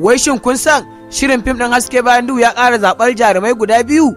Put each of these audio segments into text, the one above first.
Wai shin kun san shirin fim ɗin haske bayan duhu ya ƙara zaɓar jarumai guda biyu?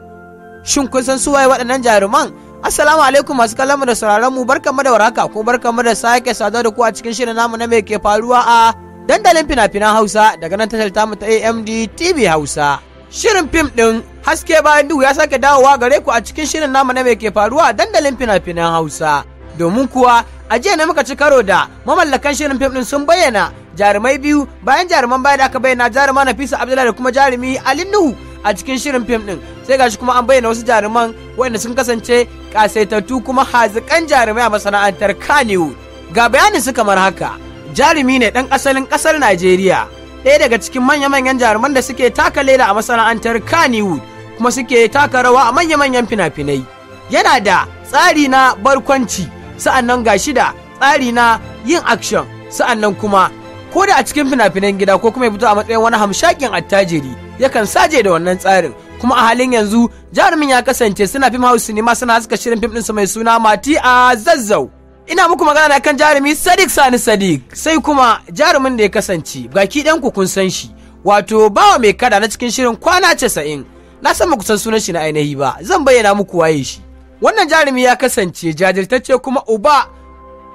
Shin kun san suwaye waɗannan jaruman? Assalamu alaikum masu kallon da sauraron mu barkamu da warhaka ko barkamu da sake saduwa da ku a cikin shirin namu na me ke faruwa a dandalin fina-finan Hausa daga nan tashar tamu ta AMD TV Hausa. Shirin fim ɗin haske bayan duhu ya sake dawowa gare ku a cikin shirin namu na me ke faruwa a dandalin fina-finan Hausa. domin kuwa a jiya na muka ci karo da mamallakan shirin fim din sun bayyana jarumai biyu bayan jaruman baya da aka bayyana jaruma fisa Abdullahi da kuma jarumi Ali Nuhu a cikin shirin fim ɗin, sai gashi kuma an bayyana wasu jaruman wanda sun kasance kasaitattu kuma hazikan jarumai a masana'antar Kanewood ga bayanin su kamar haka jarumi ne dan asalin kasar Najeriya ɗaya daga cikin manya-manyan jaruman da suke taka leda a masana'antar Kanewood kuma suke taka rawa a manya-manyan fina-finai yana da tsari na barkwanci sa'an nan ga shida tsari na yin action sa'an nan kuma ko da a cikin fina-finan gida ko kuma ya fito a matsayin wani hamshakin attajiri yakan saje da wannan tsarin kuma a halin yanzu jarumin ya kasance suna fim house cinema suna haska shirin fim ɗinsu mai suna mati a zazzau ina muku magana da kan jarumi sadiq sani sadiq sai kuma jarumin da ya kasance baki ɗan ku kun san shi wato bawa mai kada na cikin shirin kwana casa'in na san ba ku san sunan shi na ainihi ba zan bayyana muku waye shi Wannan jarumi ya kasance jajirtacce kuma uba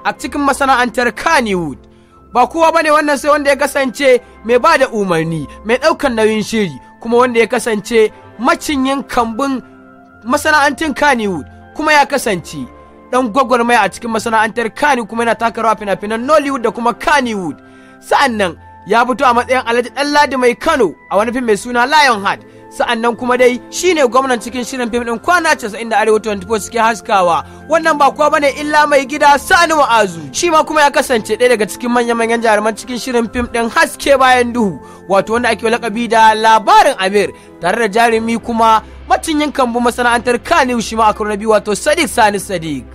a cikin masana'antar Kannywood. Ba kowa ba ne wannan sai wanda ya kasance mai ba da umarni, mai ɗaukan nauyin shiri, kuma wanda ya kasance macinyin kambun masana'antar Kannywood, kuma ya kasance ɗan gwagwarmai a cikin masana'antar Kani kuma yana taka rawa fina-finan Nollywood da kuma Kannywood. Sa'an nan ya fito a matsayin Alhaji Ladi mai Kano a wani fim mai suna Lionheart. sa'annan kuma dai shine gwamnan cikin shirin fim din kwana 90 da arewa 24 suke haskawa wannan ba kuwa bane illa mai gida sani wa'azu shi ma kuma ya kasance ɗaya daga cikin manyan manyan jaruman cikin shirin fim din haske bayan duhu wato wanda ake lakabi da labarin amir tare da jarumi kuma macinyin kambu masana'antar kaniyu shi ma a karni na biyu wato sadiq sani sadiq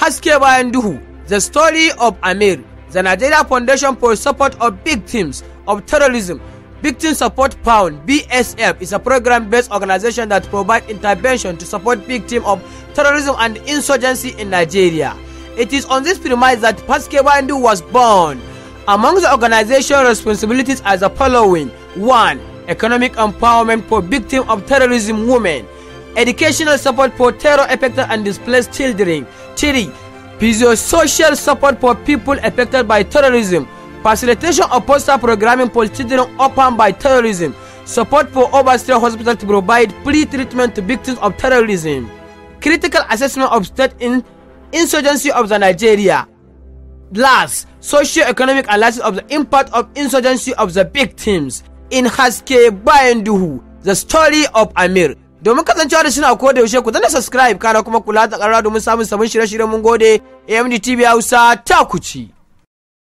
haske bayan duhu the story of amir the nigeria foundation for support of victims of terrorism Victim Support Pound (BSF) is a program-based organization that provides intervention to support victims of terrorism and insurgency in Nigeria. It is on this premise that Paske Bandu was born. Among the organization's responsibilities are the following: 1. Economic empowerment for victims of terrorism women, educational support for terror-affected and displaced children, 3. Physiosocial support for people affected by terrorism, Facilitation of poster programming for children open by terrorism. Support for overstreet hospital to provide pre-treatment to victims of terrorism. Critical assessment of state in insurgency of the Nigeria. Last, socio-economic analysis of the impact of insurgency of the victims in Haske bayan Bayanduhu, the story of Amir. Domin kasancewa da suna ko da yaushe ku zana subscribe kana kuma kula da ƙarara domin samun sabon shirye shirye mun gode AMD TV Hausa ta kuci.